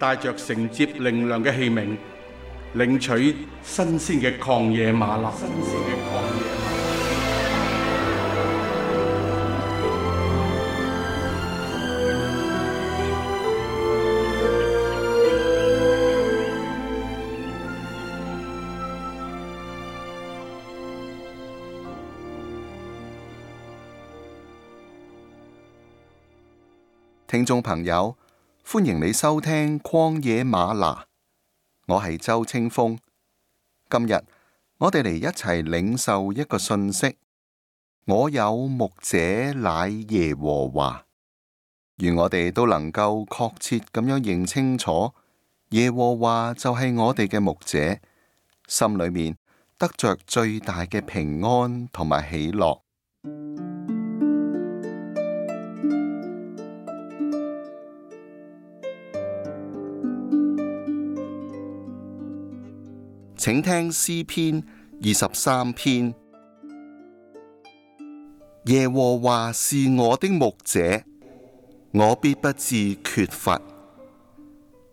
帶着承接靈糧嘅器皿，領取新鮮嘅狂野馬奶。聽眾朋友。歡迎你收聽曠野嗎哪，我係周清風。今日我哋嚟一齊領受一個信息，我有牧者乃耶和華。願我哋都能夠確切咁樣認清楚，耶和華就係我哋嘅牧者，心裏面得着最大嘅平安同埋喜樂。請聽詩篇二十三篇。耶和華是我的牧者，我必不致缺乏。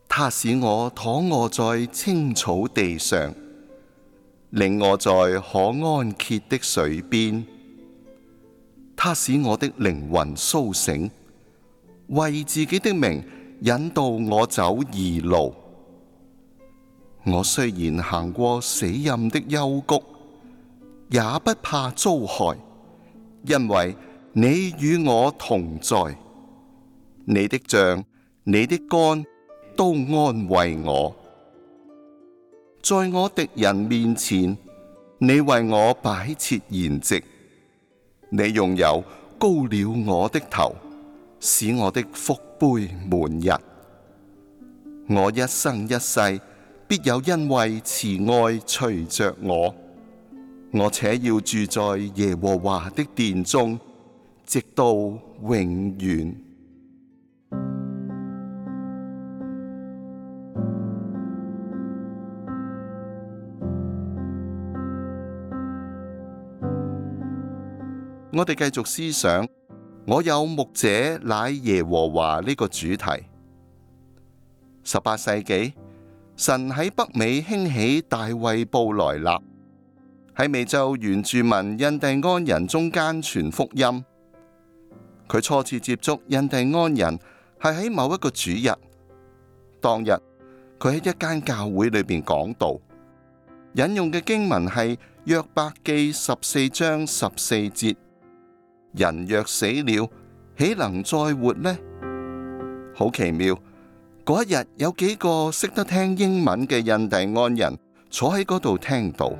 他使我躺臥在青草地上，領我在可安歇的水邊。他使我的靈魂蘇醒，為自己的名引導我走義路。我雖然行過死蔭的幽谷，也不怕遭害，因為你與我同在。你的杖、你的竿都安慰我。在我敵人面前，你為我擺設筵席。你用油膏了我的頭，使我的福杯滿溢。我一生一世。必有恩惠慈愛隨着我，我且要住在耶和華的殿中，直到永遠。我哋繼續思想：「我有牧者乃耶和華」呢個主題。十八世紀。神喺北美興起大衛布萊納喺美洲原住民印第安人中間傳福音。佢初次接觸印第安人係喺某一個主日。當日，佢喺一間教會裏邊講道，引用嘅經文係《約伯記》十四章十四節：人若死了，豈能再活呢？好奇妙。嗰一日有幾個識得聽英文嘅印第安人坐喺嗰度聽到，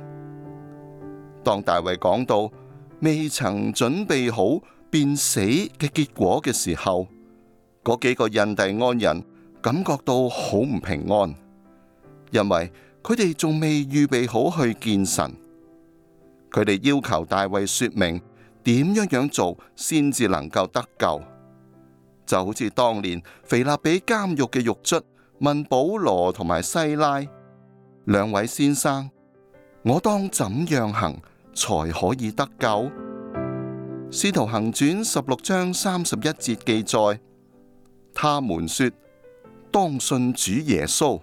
當大衛講到未曾準備好變死嘅結果嘅時候，嗰幾個印第安人感覺到好唔平安，因為佢哋仲未預備好去見神。佢哋要求大衛說明點樣樣做先至能夠得救。就好似當年腓立比監獄嘅獄卒問保羅同埋西拉兩位先生：我當怎樣行才可以得救？使徒行傳十六章三十一節記載，他們說：當信主耶穌，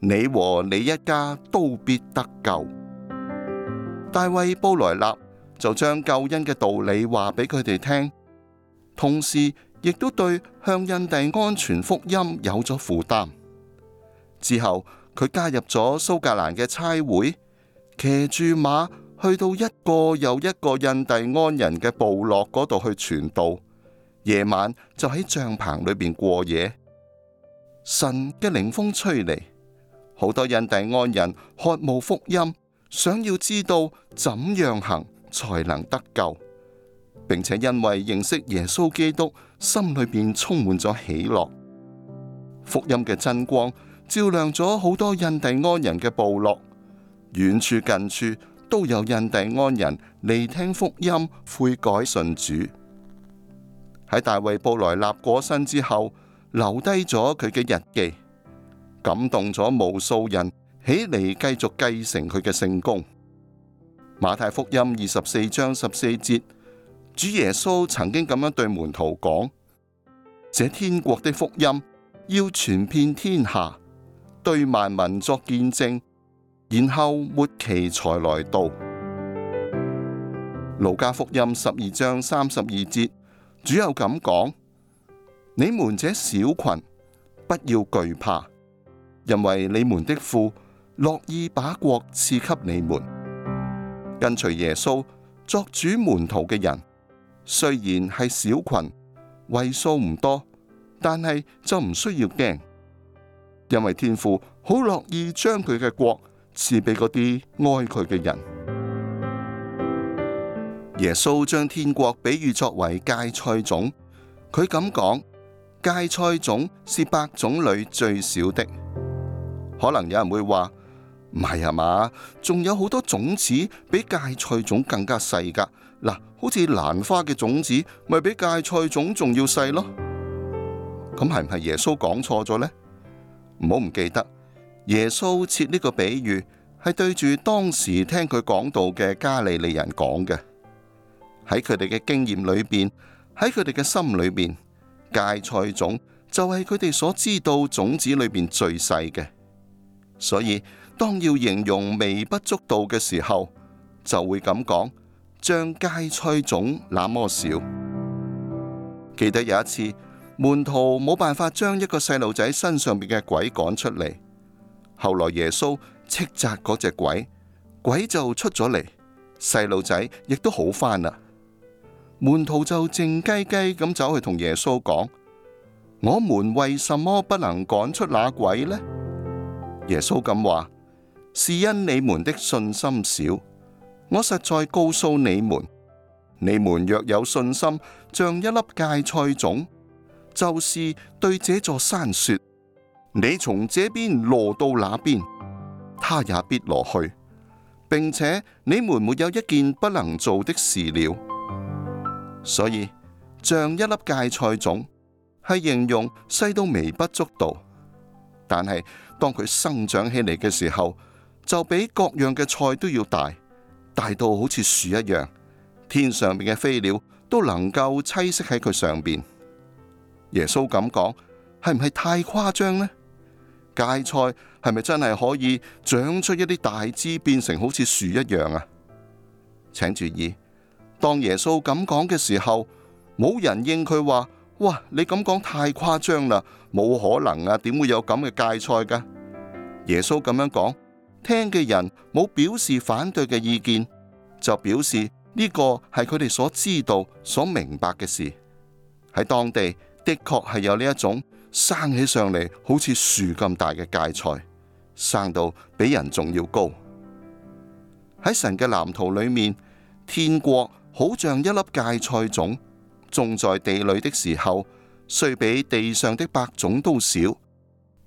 你和你一家都必得救。大衛布萊納就將救恩嘅道理話俾佢哋聽，同時。亦都對向印第安全福音有咗負擔。之後佢加入咗蘇格蘭嘅差會，騎住馬去到一個又一個印第安人嘅部落嗰度去傳道。夜晚就喺帳篷裏邊過夜。神嘅靈風吹嚟，好多印第安人渴慕福音，想要知道怎樣行才能得救，並且因為認識耶穌基督。心裏邊充滿咗喜樂，福音嘅真光照亮咗好多印第安人嘅部落，遠處近處都有印第安人嚟聽福音悔改信主。喺大衛布萊納過身之後，留低咗佢嘅日記，感動咗無數人起嚟繼續繼承佢嘅聖功。馬太福音二十四章十四節，主耶穌曾經咁樣對門徒講。這天國的福音要傳遍天下，對萬民作見證，然後末期才來到。路加福音十二章三十二節，主要咁講：你們這小群，不要懼怕，因為你們的父樂意把國賜給你們。跟隨耶穌作主門徒嘅人，雖然係小群。位數唔多，但係就唔需要驚，因為天父好樂意將佢嘅國賜俾嗰啲愛佢嘅人。耶穌將天國比喻作為芥菜種，佢咁講：芥菜種是百種類，最少的。可能有人會話唔係啊嘛，仲有好多種子比芥菜種更加細噶。嗱，好似蘭花嘅種子，咪比芥菜種仲要細咯？咁係唔係耶穌講錯咗呢？唔好唔記得，耶穌設呢個比喻係對住當時聽佢講道嘅加利利人講嘅。喺佢哋嘅經驗裏邊，喺佢哋嘅心裏邊，芥菜種就係佢哋所知道種子裏邊最細嘅。所以當要形容微不足道嘅時候，就會咁講。將芥菜種那麼少，記得有一次門徒冇辦法將一個細路仔身上邊嘅鬼趕出嚟，後來耶穌斥責嗰隻鬼，鬼就出咗嚟，細路仔亦都好翻啦。門徒就靜雞雞咁走去同耶穌講：「我們為什麼不能趕出那鬼呢？」耶穌咁話：「是因你們的信心少。」我實在告訴你們，你們若有信心，像一粒芥菜種，就是對這座山說：你從這邊挪到那邊，他也必落去，並且你們沒有一件不能做的事了。所以，像一粒芥菜種，係形容細到微不足道，但係當佢生長起嚟嘅時候，就比各樣嘅菜都要大。大到好似樹一樣，天上邊嘅飛鳥都能夠棲息喺佢上邊。耶穌咁講，係唔係太誇張呢？芥菜係咪真係可以長出一啲大枝，變成好似樹一樣啊？請注意，當耶穌咁講嘅時候，冇人應佢話：哇，你咁講太誇張啦，冇可能啊，點會有咁嘅芥菜噶？耶穌咁樣講。聽嘅人冇表示反對嘅意見，就表示呢個係佢哋所知道、所明白嘅事。喺當地的確係有呢一種生起上嚟，好似樹咁大嘅芥菜，生到比人仲要高。喺神嘅藍圖裏面，天國好像一粒芥菜種，種在地裏的時候，雖比地上的百種都少，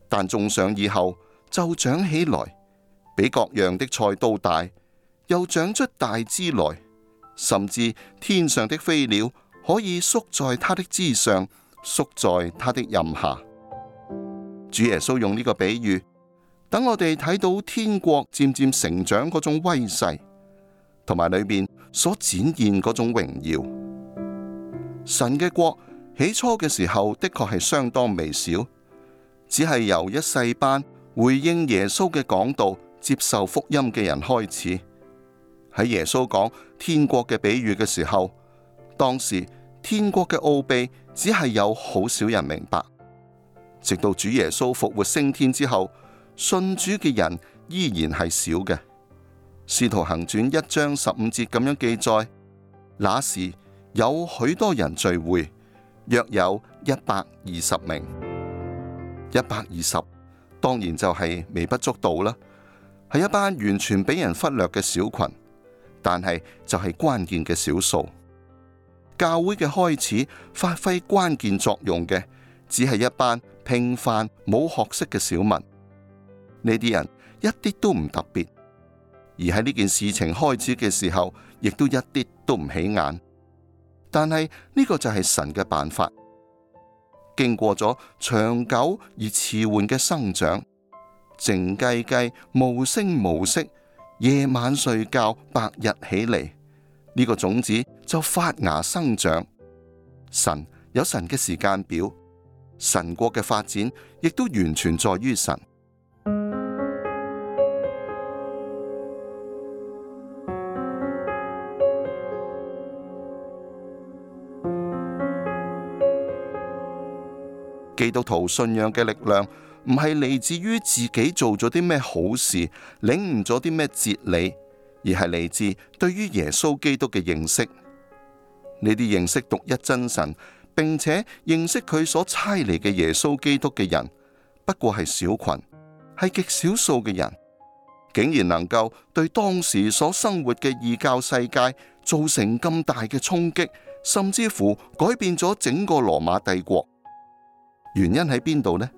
但種上以後就長起來，比各樣的菜都大，又長出大枝來，甚至天上的飛鳥可以宿在它的枝上，宿在它的蔭下。主耶穌用呢個比喻，等我哋睇到天國漸漸成長嗰種威勢，同埋裏面所展現嗰種榮耀。神嘅國起初嘅時候的確係相當微小，只係由一細班回應耶穌嘅講道。接受福音嘅人開始。喺耶穌講天國嘅比喻嘅時候，當時天國嘅奧秘只係有好少人明白。直到主耶穌復活升天之後，信主嘅人依然係少嘅。《使徒行傳》一章十五節咁樣記載：那時有許多人聚會，約有一百二十名。一百二十，當然就係微不足道啦。係一班完全俾人忽略嘅小群，但係就係關鍵嘅少數。教會嘅開始發揮關鍵作用嘅，只係一班平凡冇學識嘅小民。呢啲人一啲都唔特別，而喺呢件事情開始嘅時候，亦都一啲都唔起眼。但係呢個就係神嘅辦法。經過咗長久而遲緩嘅生長。靜雞雞，無聲無息，夜晚睡覺，白日起嚟，呢、這個種子就發芽生長。神有神嘅時間表，神國嘅發展亦都完全在於神。 基督徒信仰嘅力量。唔係嚟自於自己做咗啲咩好事，領悟咗啲咩哲理，而係嚟自對於耶穌基督嘅認識。呢啲認識獨一真神，並且認識佢所差嚟嘅耶穌基督嘅人，不過係小群，係極少數嘅人，竟然能夠對當時所生活嘅異教世界造成咁大嘅衝擊，甚至乎改變咗整個羅馬帝國。原因喺邊度呢？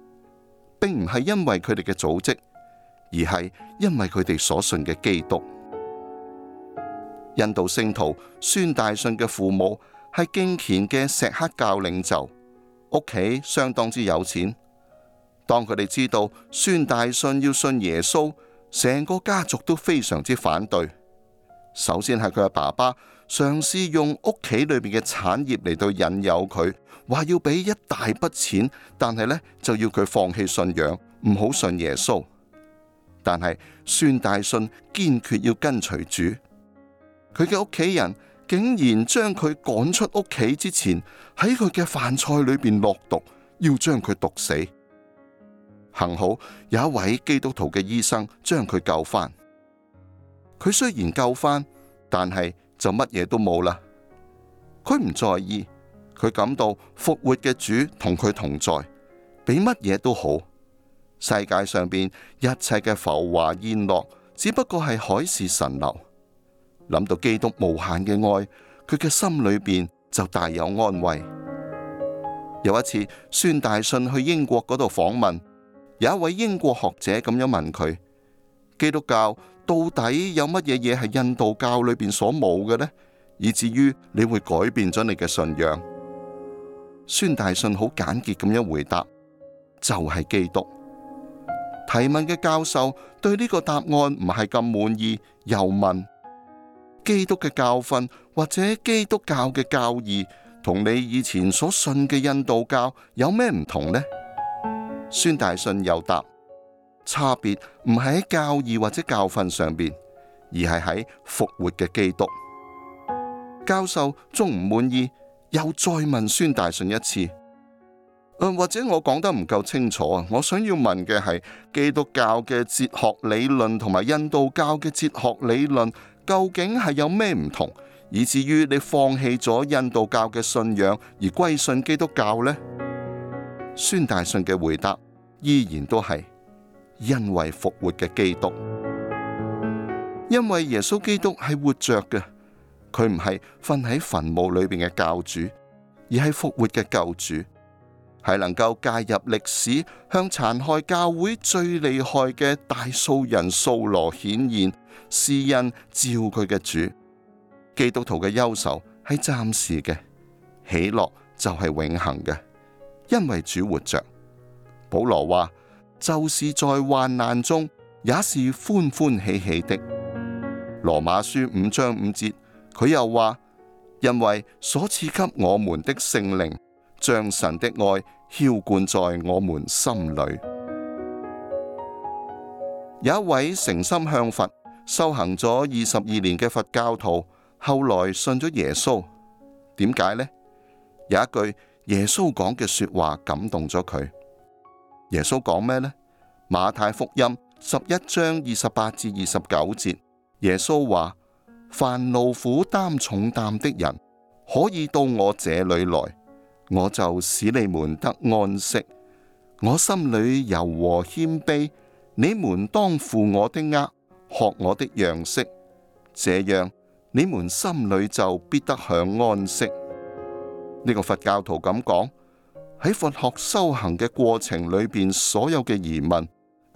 並唔係因為佢哋嘅組織，而係因為佢哋所信嘅基督。印度聖徒孫大信嘅父母係敬虔嘅錫克教領袖，屋企相當之有錢。當佢哋知道孫大信要信耶穌，成個家族都非常之反對。首先係佢嘅爸爸嘗試用屋企裏面嘅產業嚟到引誘佢。話要俾一大筆錢，但係呢，就要佢放棄信仰，唔好信耶穌。但係孫大信堅決要跟隨主。佢嘅屋企人竟然將佢趕出屋企之前，喺佢嘅飯菜裏邊落毒，要將佢毒死。幸好有一位基督徒嘅醫生將佢救翻。佢雖然救翻，但係就乜嘢都冇啦。佢唔在意。佢感到復活嘅主同佢同在，比乜嘢都好。世界上邊一切嘅浮華煙落，只不過係海市蜃樓。諗到基督無限嘅愛，佢嘅心裏邊就大有安慰。有一次，孫大信去英國嗰度訪問，有一位英國學者咁樣問佢：基督教到底有乜嘢嘢係印度教裏邊所冇嘅呢？以至於你會改變咗你嘅信仰？孫大信好簡潔咁樣回答，就係基督。提問嘅教授對呢個答案唔係咁滿意，又問：基督嘅教訓或者基督教嘅教義，同你以前所信嘅印度教有咩唔同呢？孫大信又答：差別唔係喺教義或者教訓上邊，而係喺復活嘅基督。教授仲唔滿意。又再問孫大信一次，誒、呃，或者我講得唔夠清楚啊？我想要問嘅係基督教嘅哲學理論同埋印度教嘅哲學理論究竟係有咩唔同？以至於你放棄咗印度教嘅信仰而歸信基督教呢？孫大信嘅回答依然都係因為復活嘅基督，因為耶穌基督係活着嘅。佢唔係瞓喺墳墓裏邊嘅教主，而係復活嘅救主，係能夠介入歷史、向殘害教會最厲害嘅大數人掃羅顯現，施恩照佢嘅主。基督徒嘅憂愁係暫時嘅，喜樂就係永恆嘅，因為主活着。保羅話：就是在患難中，也是歡歡喜喜的。羅馬書五章五節。佢又話，因為所賜給我們的聖靈，將神的愛澆灌在我們心裏。有一位誠心向佛、修行咗二十二年嘅佛教徒，後來信咗耶穌。點解呢？有一句耶穌講嘅說話感動咗佢。耶穌講咩呢？馬太福音十一章二十八至二十九節，耶穌話。凡勞苦擔重擔的人，可以到我這裏來，我就使你們得安息。我心裏柔和謙卑，你們當負我的軛，學我的樣式，這樣你們心裏就必得享安息。呢、這個佛教徒咁講，喺佛學修行嘅過程裏邊，所有嘅疑問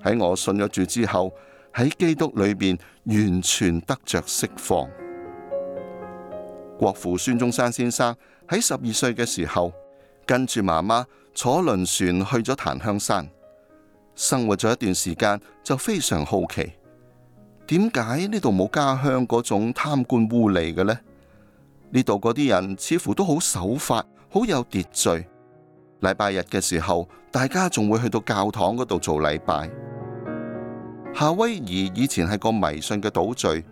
喺我信咗住之後。喺基督裏邊完全得着釋放。國父孫中山先生喺十二歲嘅時候，跟住媽媽坐輪船去咗檀香山，生活咗一段時間就非常好奇，點解呢度冇家鄉嗰種貪官污吏嘅呢？呢度嗰啲人似乎都好守法，好有秩序。禮拜日嘅時候，大家仲會去到教堂嗰度做禮拜。夏威夷以前係個迷信嘅島嶼，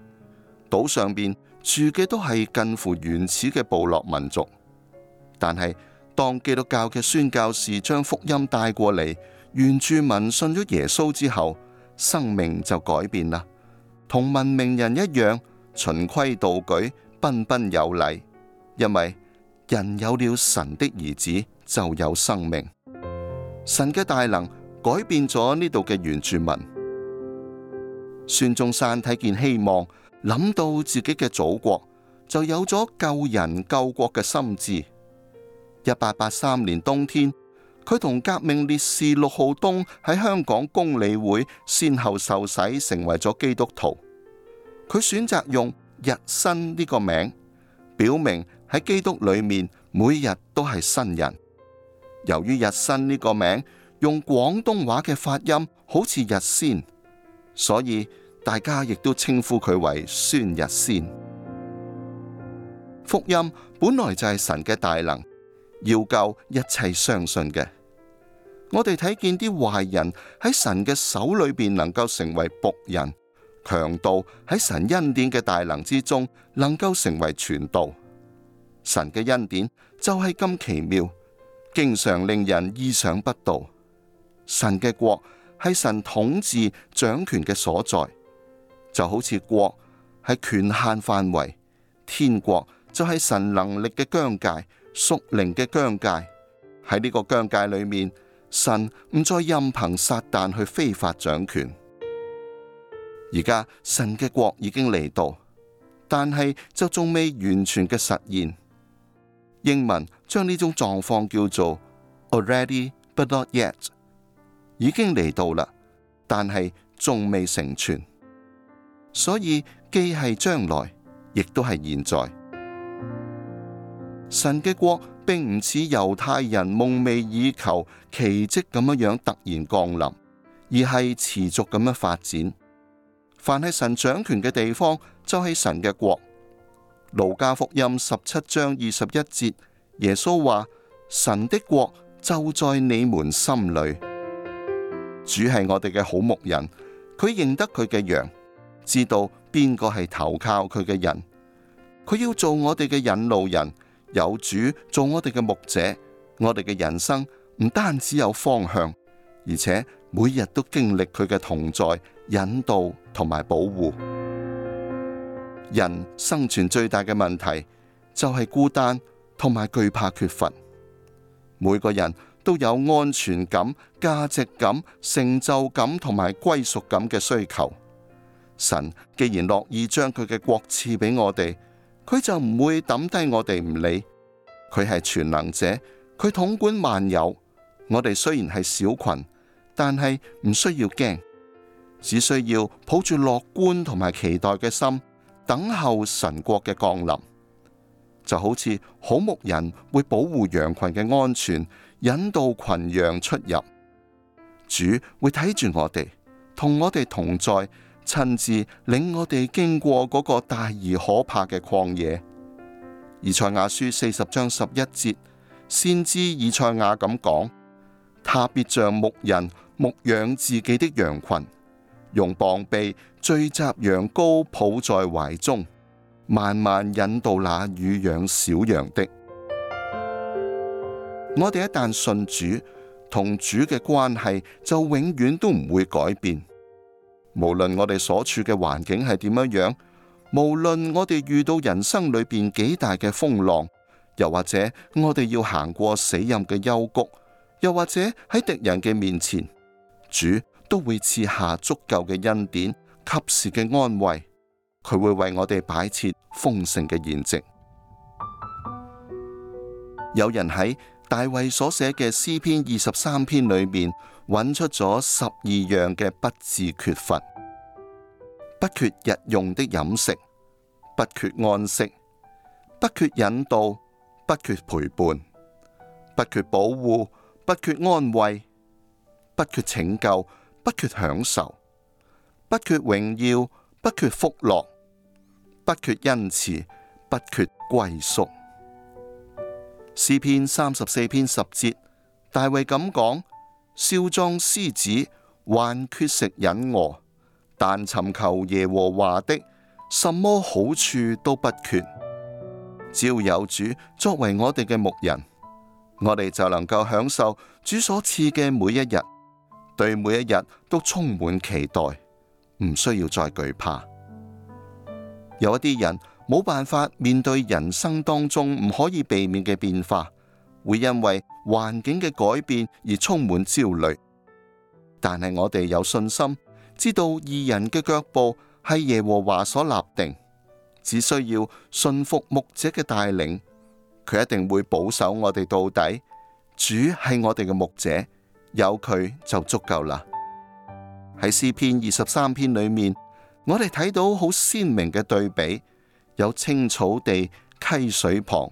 島上邊住嘅都係近乎原始嘅部落民族。但係當基督教嘅宣教士將福音帶過嚟，原住民信咗耶穌之後，生命就改變啦，同文明人一樣循規蹈矩，彬彬有禮。因為人有了神的兒子，就有生命。神嘅大能改變咗呢度嘅原住民。孫中山睇見希望，諗到自己嘅祖國，就有咗救人救國嘅心志。一八八三年冬天，佢同革命烈士陸浩東喺香港公理會先後受洗，成為咗基督徒。佢選擇用日新呢個名，表明喺基督裏面每日都係新人。由於日新呢個名用廣東話嘅發音，好似日先。所以大家亦都稱呼佢為「孫日仙」。福音本來就係神嘅大能，要救一切相信嘅。我哋睇見啲壞人喺神嘅手裏邊能夠成為僕人，強盜喺神恩典嘅大能之中能夠成為傳道。神嘅恩典就係咁奇妙，經常令人意想不到。神嘅國。係神統治掌權嘅所在，就好似國係權限範圍，天國就係神能力嘅疆界、屬靈嘅疆界。喺呢個疆界裏面，神唔再任憑撒旦去非法掌權。而家神嘅國已經嚟到，但係就仲未完全嘅實現。英文將呢種狀況叫做 already but not yet。已經嚟到啦，但係仲未成全，所以既係將來，亦都係現在。神嘅國並唔似猶太人夢寐以求奇迹咁樣突然降臨，而係持續咁樣發展。凡係神掌權嘅地方，就係神嘅國。路加福音十七章二十一節，耶穌話：神的國就在你們心裡。主係我哋嘅好牧人，佢認得佢嘅羊，知道邊個係投靠佢嘅人。佢要做我哋嘅引路人，有主做我哋嘅牧者，我哋嘅人生唔單止有方向，而且每日都經歷佢嘅同在、引導同埋保護。人生存最大嘅問題就係孤單同埋懼怕缺乏，每個人都有安全感、價值感、成就感同埋歸屬感嘅需求。神既然樂意將佢嘅國賜俾我哋，佢就唔會抌低我哋唔理。佢係全能者，佢統管萬有。我哋雖然係小群，但係唔需要驚，只需要抱住樂觀同埋期待嘅心，等候神國嘅降臨。就好似好牧人會保護羊群嘅安全。引導群羊出入，主會睇住我哋，同我哋同在，親自領我哋經過嗰個大而可怕嘅曠野。以賽亞書四十章十一節，先知以賽亞咁講：他必像牧人牧養自己的羊群，用膀臂聚集羊羔，抱在懷中，慢慢引導那乳養小羊的。我哋一旦信主，同主嘅關係就永遠都唔會改變。無論我哋所處嘅環境係點樣樣，無論我哋遇到人生裏邊幾大嘅風浪，又或者我哋要行過死蔭嘅幽谷，又或者喺敵人嘅面前，主都會賜下足夠嘅恩典，及時嘅安慰。佢會為我哋擺設豐盛嘅筵席，有人喺大衛所寫嘅詩篇二十三篇裏面，揾出咗十二樣嘅不字缺乏：不缺日用的飲食，不缺安息，不缺引導，不缺陪伴，不缺保護，不缺安慰，不缺拯救，不缺享受，不缺榮耀，不缺福樂，不缺恩賜，不缺歸宿。詩篇三十四篇十節，大衛咁講：少壯獅子還缺食忍餓，但尋求耶和華的，什麼好處都不缺。只要有主作為我哋嘅牧人，我哋就能夠享受主所賜嘅每一日，對每一日都充滿期待，唔需要再懼怕。有一啲人。冇辦法面對人生當中唔可以避免嘅變化，會因為環境嘅改變而充滿焦慮。但係我哋有信心，知道義人嘅腳步係耶和華所立定，只需要信服牧者嘅帶領，佢一定會保守我哋到底。主係我哋嘅牧者，有佢就足夠啦。喺詩篇二十三篇裏面，我哋睇到好鮮明嘅對比。有青草地、溪水旁，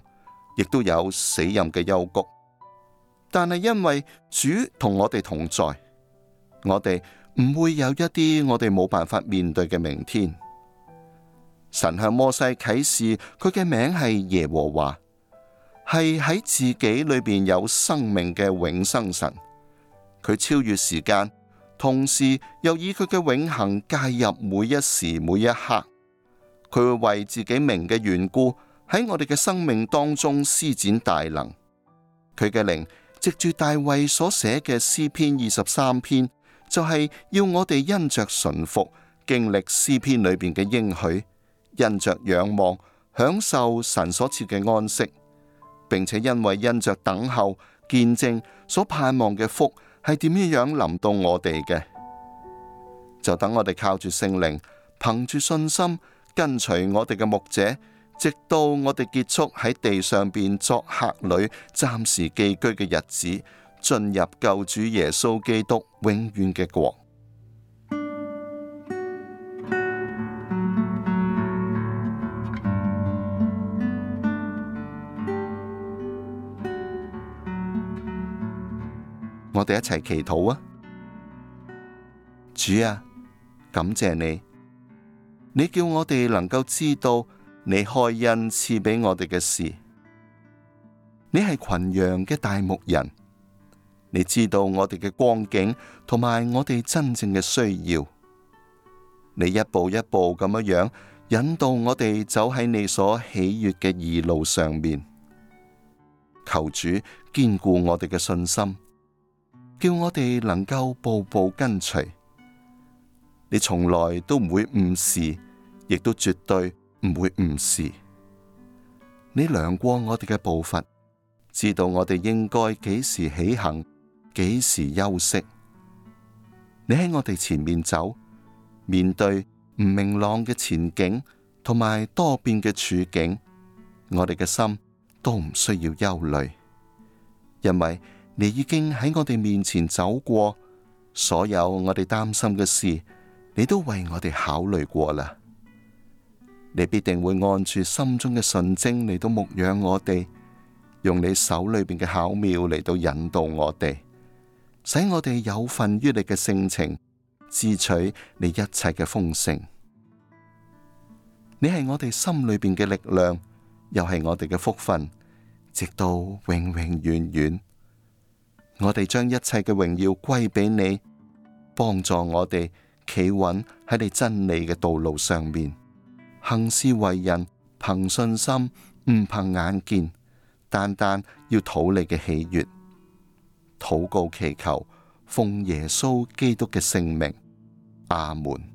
亦都有死蔭嘅幽谷。但係因為主同我哋同在，我哋唔會有一啲我哋冇辦法面對嘅明天。神向摩西啟示，佢嘅名係耶和華，係喺自己裏邊有生命嘅永生神。佢超越時間，同時又以佢嘅永恒介入每一時每一刻。佢會為自己名嘅緣故喺我哋嘅生命當中施展大能。佢嘅靈藉住大衛所寫嘅詩篇二十三篇，就係要我哋因着順服經歷詩篇裏邊嘅應許，因着仰望享受神所賜嘅安息，並且因為因着等候見證所盼望嘅福係點樣樣臨到我哋嘅，就等我哋靠住聖靈，憑住信心。跟隨我哋嘅牧者，直到我哋結束喺地上邊作客旅、暫時寄居嘅日子，進入救主耶穌基督永遠嘅國。 我哋一齊祈禱啊！主啊，感謝你。你叫我哋能夠知道你開恩賜俾我哋嘅事，你係群羊嘅大牧人，你知道我哋嘅光景同埋我哋真正嘅需要，你一步一步咁樣引導我哋走喺你所喜悅嘅義路上面。求主堅固我哋嘅信心，叫我哋能夠步步跟隨。你從來都唔會誤事，亦都絕對唔會誤事。你量過我哋嘅步伐，知道我哋應該幾時起行，幾時休息。你喺我哋前面走，面對唔明朗嘅前景同埋多變嘅處境，我哋嘅心都唔需要憂慮，因為你已經喺我哋面前走過所有我哋擔心嘅事。你都為我哋考慮過啦，你必定會按住心中嘅純正嚟到牧養我哋，用你手裏邊嘅巧妙嚟到引導我哋，使我哋有份於你嘅性情，支取你一切嘅豐盛。你係我哋心裏邊嘅力量，又係我哋嘅福分，直到永永遠遠。我哋將一切嘅榮耀歸俾你，幫助我哋，企穩喺你真理嘅道路上面，行事為人憑信心，唔憑眼見，單單要討你嘅喜悅，禱告祈求，奉耶穌基督嘅聖名。阿門。